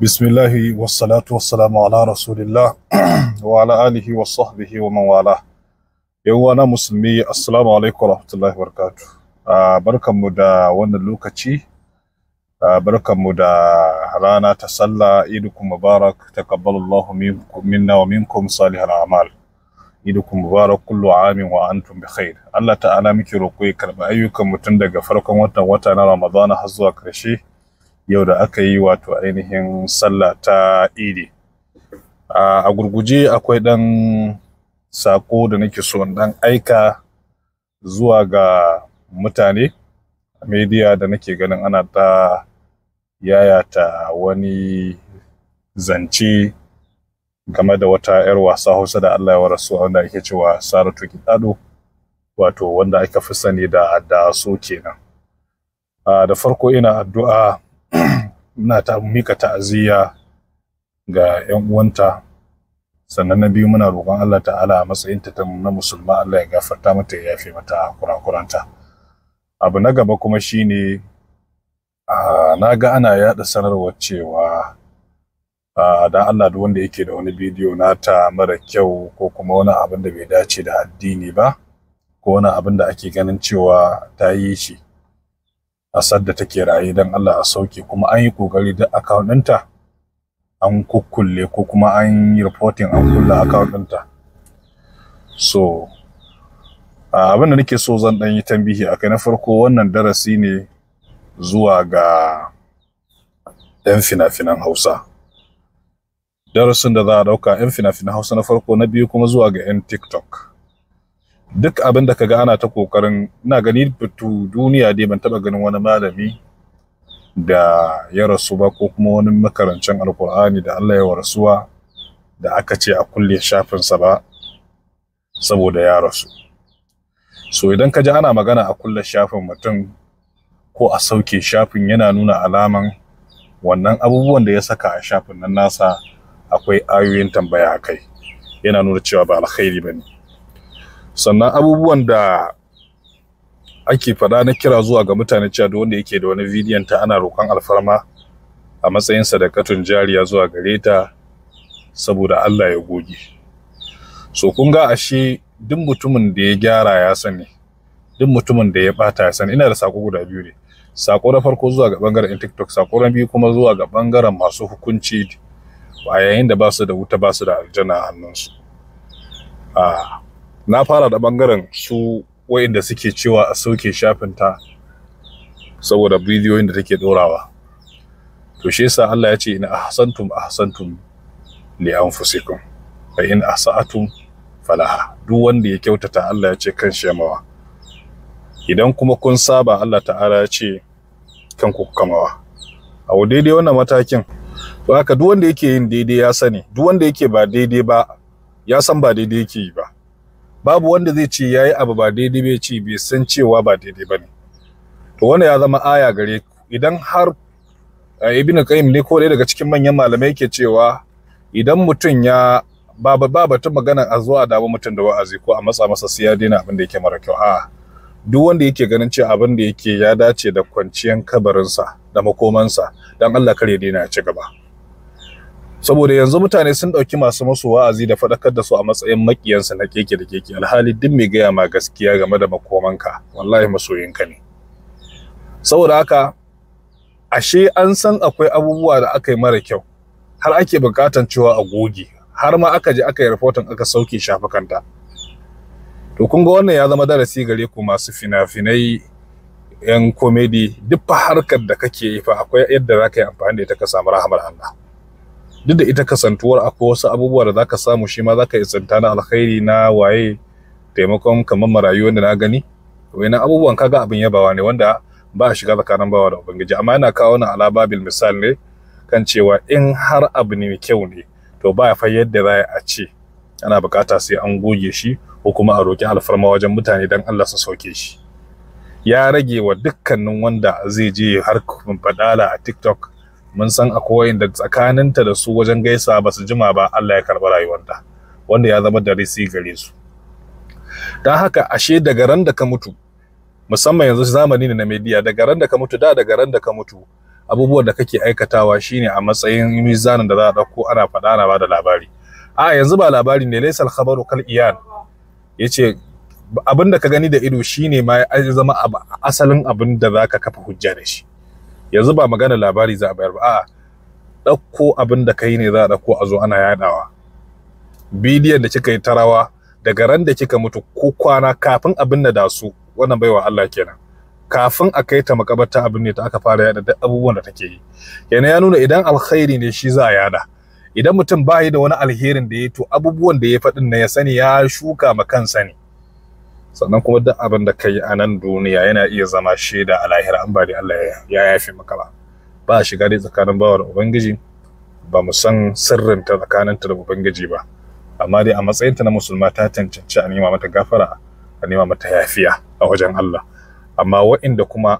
bismillahi wassalatu wassalamu ala rasulillah wa ala alihi wa sahbihi wa man wala yawwa na musulmi assalamu alaikum warahmatullahi wabarakatuh ah, barkanmu da wannan lokaci ah, barkanmu da rana ta sallah idukum mubarak taqabbalallahu minkum minna wa minkum salihal a'mal idukum mubarak kullu amin wa antum bi khair Allah ta'ala muke roƙo ya karba ayyukan mutum daga farkon watan wata na Ramadan har zuwa ƙarshe yau da aka yi wato ainihin sallah ta idi a gurguje akwai ɗan sako da nake so ɗan aika zuwa ga mutane a media da nake ganin ana ta yayata wani zance game da wata 'yar wasa hausa da allah ya wa rasu wanda ake cewa saratu kiɗaɗo wato wanda aka fi sani da da so kenan da farko ina addu'a muna ta mika ta'aziyya ga 'yan uwanta sannan na biyu muna roƙon Allah ta'ala a matsayin ta na musulma Allah ya gafarta mata ya yafe mata kurakuranta abu na gaba kuma shine na ga ana yada sanarwa cewa da Allah duk wanda yake da wani bidiyo na ta mara kyau ko kuma wani abin da bai dace da addini ba ko wani abin da ake ganin cewa ta yi shi a sadda take raye don Allah a sauke kuma an yi kokari da account ɗinta an kukkulle ko kuma an yi reporting an kulla account ɗinta so abin da nake so zan ɗan yi tambihi akai na farko wannan darasi ne zuwa ga 'yan fina-finan hausa darasin da za a ɗauka 'yan fina-finan hausa na farko na biyu kuma zuwa ga 'yan tiktok duk abin da ka ga ana ta kokarin ina gani fitu duniya dai ban taba ganin wani malami da ya rasu ba ko kuma wani makarancin alkur'ani da Allah ya warasuwa da aka ce a kulle shafinsa ba saboda ya rasu so idan ka ji ana magana a kulle shafin mutum ko a sauke shafin yana nuna alaman wannan abubuwan da ya saka a shafin nan nasa akwai ayoyin tambaya a kai yana nuna cewa ba alkhairi ba ne sannan abubuwan da ake fada na kira zuwa ga mutane cewa duk wanda yake da wani bidiyon ta ana roƙon alfarma a matsayin sadakatun jariya zuwa gare ta saboda Allah ya goge so kun ga ashe duk mutumin da ya gyara ya sani duk mutumin da ya bata ya sani ina da sako guda biyu ne sako na farko zuwa ga bangaren TikTok sako na biyu kuma zuwa ga bangaren masu hukunci a yayin da ba su da wuta ba su da aljanna a hannunsu ah na fara da bangaren su wayanda suke cewa a sauke ta saboda bidiyoyin da take dorawa to shi yasa Allah ya ce in ahsantum ahsantum li anfusikum fa in asa'atum falaha duk wanda ya kyautata Allah ya ce kan shemawa idan kuma kun saba Allah ta'ala ya ce kan ku kamawa a wa daidai wannan matakin to haka duk wanda yake yin daidai ya sani duk wanda yake ba daidai ba ya san ba daidai yake yi ba babu wanda zai ce yayi abu ba daidai bai ce bai san cewa ba daidai bane to wannan ya zama aya gare ku idan har eh, ibn qayyim ne ko daga cikin manyan malamai yake cewa idan mutum ya ba ba ta magana a zuwa da mutum da wa'azi ko a matsa masa sai ya daina abin da yake mara kyau a duk wanda yake ganin cewa abin da yake ya dace da kwanciyan kabarinsa da makomansa dan Allah kare daina ya ci gaba saboda yanzu mutane sun ɗauki masu masu wa'azi da faɗakar da su a matsayin makiyansa na keke da keke alhali duk mai gaya ma gaskiya game da makomanka wallahi masoyinka ne saboda haka ashe an san akwai abubuwa da aka yi mara kyau har ake bukatan cewa a goge har ma aka je aka yi rahoton aka sauke shafukanta to kun ga wannan ya zama darasi gare ku masu fina-finai yan komedi duk fa harkar da kake yi fa akwai yadda za ka yi amfani da ita ka samu rahamar Allah duk da ita kasantuwar akwai wasu abubuwa da zaka samu shi ma zaka isanta na alkhairi na waye taimakon kamar marayu wanda na gani wani abubuwan kaga abin yabawa ne wanda ba a shiga tsakanin bawa da ubangiji amma yana kawo na alababil misal ne kan cewa in har abu ne kyau ne to ba ya fayyar da za a ce ana bukata sai an goge shi ko kuma a roki alfarma wajen mutane dan Allah su sauke shi ya rage wa dukkanin wanda zai je har faɗala a TikTok mun san akwai inda tsakaninta da su wajen gaisa ba su jima ba Allah ya karɓi rayuwarta wanda ya zama da risi gare su don haka ashe daga ran da ka mutu musamman yanzu zamani ne na media daga ran da ka mutu da daga ran da ka mutu abubuwan da kake aikatawa shine a matsayin mizanin da za a ɗauko ana faɗa ana ba da labari a yanzu ba labari ne laisal khabaru kal iyan yace abin da ka gani da ido shine ma ya zama asalin abin da zaka kafa hujja da shi yanzu ba magana labari za a bayar ba a ɗauko abin da kai ne za a ɗauko a zo ana yaɗawa bidiyon da kika yi tarawa daga ran da kika mutu ko kwana kafin abin da da su wannan baiwa Allah kenan kafin a kai ta makabarta abin ne ta aka fara yada da abubuwan da take yi yana ya nuna idan alkhairi ne shi za a yada idan mutum ba da wani alherin da ya to abubuwan da ya faɗin na ya sani ya shuka ma kansa ne sannan kuma duk abin da kai a nan duniya yana iya zama shaida a lahira an ba Allah ya yafe maka ba ba a shiga dai tsakanin bawa ubangiji ba mu san sirrin ta tsakanin ta da ubangiji ba amma dai a matsayin ta na musulma ta cancanci a nema mata gafara a nema mata yafiya a wajen Allah amma waɗanda kuma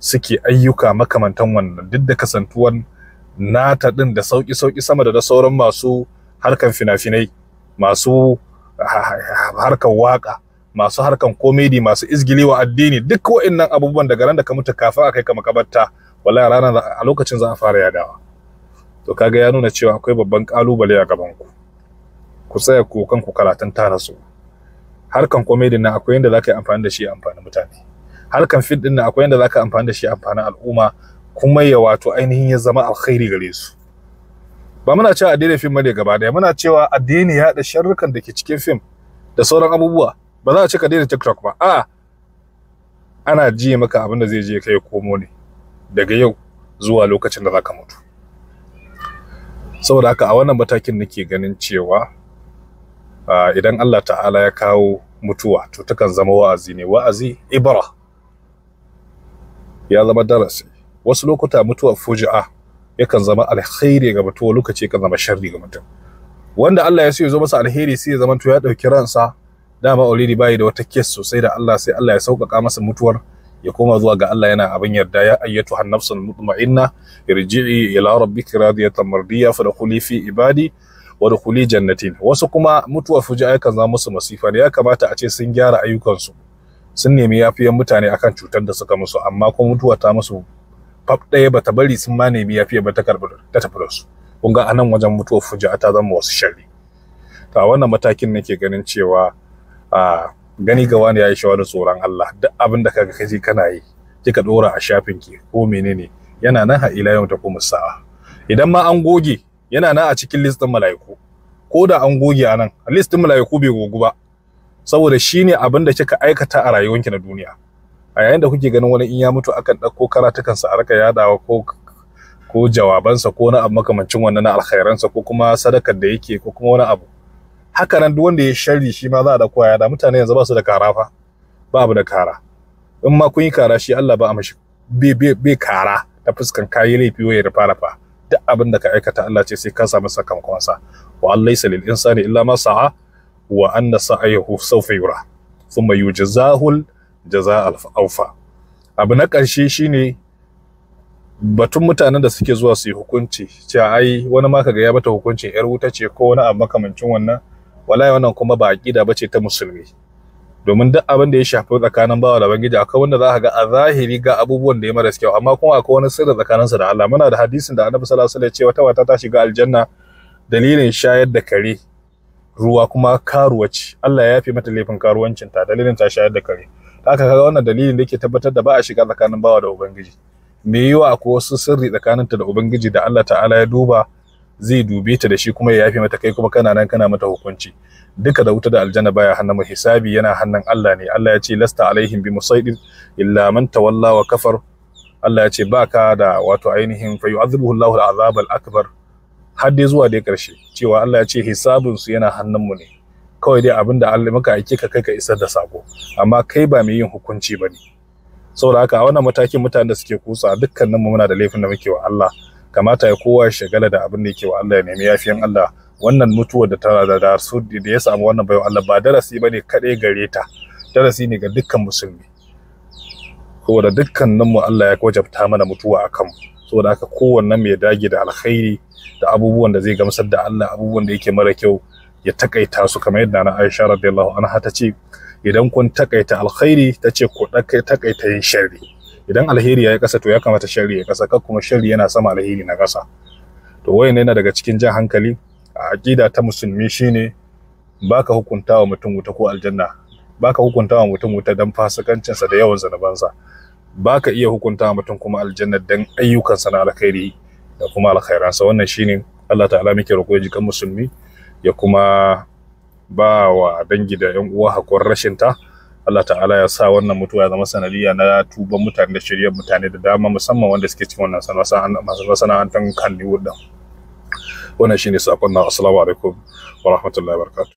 suke ayyuka makamantan wannan duk da kasantuwan nata din da sauki sauki sama da sauran masu harkan fina-finai masu harkan waka masu harkan komedi masu izgili wa addini duk wa'annan abubuwan daga ran da ka mutu kafin a kai ka makabarta wallahi rana a lokacin za a fara yadawa to kaga ya nuna cewa akwai babban kalubale a gaban ku ku tsaya ku kanku karatun tara su harkan komedi na akwai yadda zaka yi amfani da shi amfani mutane harkan fit din na akwai yadda zaka amfani da shi amfani al'umma kuma ya wato ainihin ya zama alkhairi gare su ba muna cewa addini fim ne gaba daya muna cewa addini ya da sharrukan da ke cikin fim da sauran abubuwa ba za a ce ka daina tiktok ba a ana ji maka abin da zai je kai komo ne daga yau zuwa lokacin da za ka mutu saboda haka a wannan matakin nake ganin cewa idan Allah ta'ala ya kawo mutuwa to takan zama wa'azi ne wa'azi ibra ya zama darasi wasu lokuta mutuwa fuji'a yakan zama alkhairi ga mutuwa lokaci kan zama sharri ga mutum wanda Allah ya so ya zo masa alheri sai ya zama to ya dauki ransa dama already bayi da wata kes sosai da Allah sai Allah ya sauƙaƙa masa mutuwar ya koma zuwa ga Allah yana abin yarda ya ayyatu han nafsul mutma'inna irji'i ila rabbika radiyatan mardiya fadkhuli fi ibadi wa kuli, jannatin wasu kuma mutuwar fuji'a kan zama musu masifa ne ya kamata a ce sun gyara ayyukansu sun nemi yafiyan mutane akan cutar da suka musu amma kuma mutuwa ta musu fab ɗaya bata bari sun ma nemi yafiya ba ta karɓi ta tafi da su kun ga anan wajen mutuwar fuji'a ta zama wasu sharri ta wannan matakin nake ganin cewa a gani ga wani yayi shawarar tsoron Allah duk abin da kaga kaje kana yi kika dora a shafin ki ko menene yana nan har ila yau ta kuma sa'a idan ma an goge yana nan a cikin listin mala'iku ko da an goge a nan a mala'iku bai gogu ba saboda shine abin da kika aikata a rayuwarki na duniya a yayin da kuke ganin wani in ya mutu akan ɗauko karatukansa a raka yadawa ko ko jawabansa ko na abu makamancin wannan alkhairansa ko kuma sadakar da yake ko kuma wani abu haka nan duk wanda ya sharri shi ma za a da ya da mutane yanzu ba su da kara fa ba abu da kara in ma kun yi kara shi Allah ba a mashi bai kara ta fuskan kayi laifi da fara fa duk abin da ka aikata Allah ce sai ka samu sakamakon sa wa Allah lil insani illa ma sa'a wa anna sa'ayahu sawfa yura thumma yujzahul jazaa alfa abu na karshe shine batun mutanen da suke zuwa su yi hukunci cewa ai wani ma kaga ya bata hukuncin yar wuta ce ko wani abu makamancin wannan wallahi wannan kuma ba aqida bace ta musulmi domin duk abin da ya shafi tsakanin bawa da bangiji akwai wanda za ka ga a zahiri ga abubuwan da ya mara kyau amma kuma akwai wani sirri tsakaninsa da Allah muna da hadisin da Annabi sallallahu alaihi wasallam ya ce wata mata ta shiga aljanna dalilin shayar da kare ruwa kuma karuwa ce Allah ya yafe mata laifin karuwancin ta dalilin ta shayar da kare haka kaga wannan dalilin da yake tabbatar da ba a shiga tsakanin bawa da ubangiji me yiwa akwai wasu sirri tsakaninta da ubangiji da Allah ta'ala ya duba zai dube ta da shi kuma ya yafe mata kai kuma kana nan kana mata hukunci duka da wuta da aljanna baya hannun mu hisabi yana hannun Allah ne Allah ya ce lasta alaihim bi musaidin illa man tawalla wa kafar Allah ya ce baka da wato ainihin fa yu'adhibuhu Allahu al'azab al'akbar akbar har dai zuwa dai karshe cewa Allah ya ce hisabun su yana hannun mu ne kawai dai abinda Allah maka aike ka kai ka isar da sako amma kai ba mai yin hukunci bane saboda haka a wannan matakin mutanen da suke kusa dukkaninmu muna da laifin da muke wa Allah kamata ya kowa ya shagala da abin da yake wa Allah ya nemi yafiyan Allah wannan mutuwar da ta da su da ya samu wannan bayan Allah ba darasi ba bane kadai gare ta darasi ne ga dukkan musulmi saboda nan mu Allah ya wajabta mana mutuwa a kan mu saboda haka kowanne mai dage da alkhairi da abubuwan da zai gamsar da Allah abubuwan da yake mara kyau ya takaita su kamar yadda na Aisha radiyallahu anha ta ce idan kun takaita alkhairi ta ce ku takaita yin sharri idan alheri ya yi ƙasa to ya kamata sharri ya ƙasa kar kuma sharri yana sama alheri na kasa to wayan yana daga cikin jan hankali a aƙida ta musulmi shine baka hukunta wa mutum wuta ko aljanna baka hukunta wa mutum wuta dan fasikancinsa da yawan sa baka iya hukunta wa mutum kuma aljanna dan ayyukansa na alkhairi da kuma sa wannan shine Allah ta'ala muke roƙo ya jikan musulmi ya kuma ba wa dangi da 'yan uwa hakuwar rashinta ta Allah ta'ala ya sa wannan mutuwa ya zama sanadiyya na tuban mutane da shirya, mutane da dama musamman wanda suke cikin wannan masana'antar Kannywood wannan shine sakon na assalamu alaikum wa rahmatullahi wa barakatuh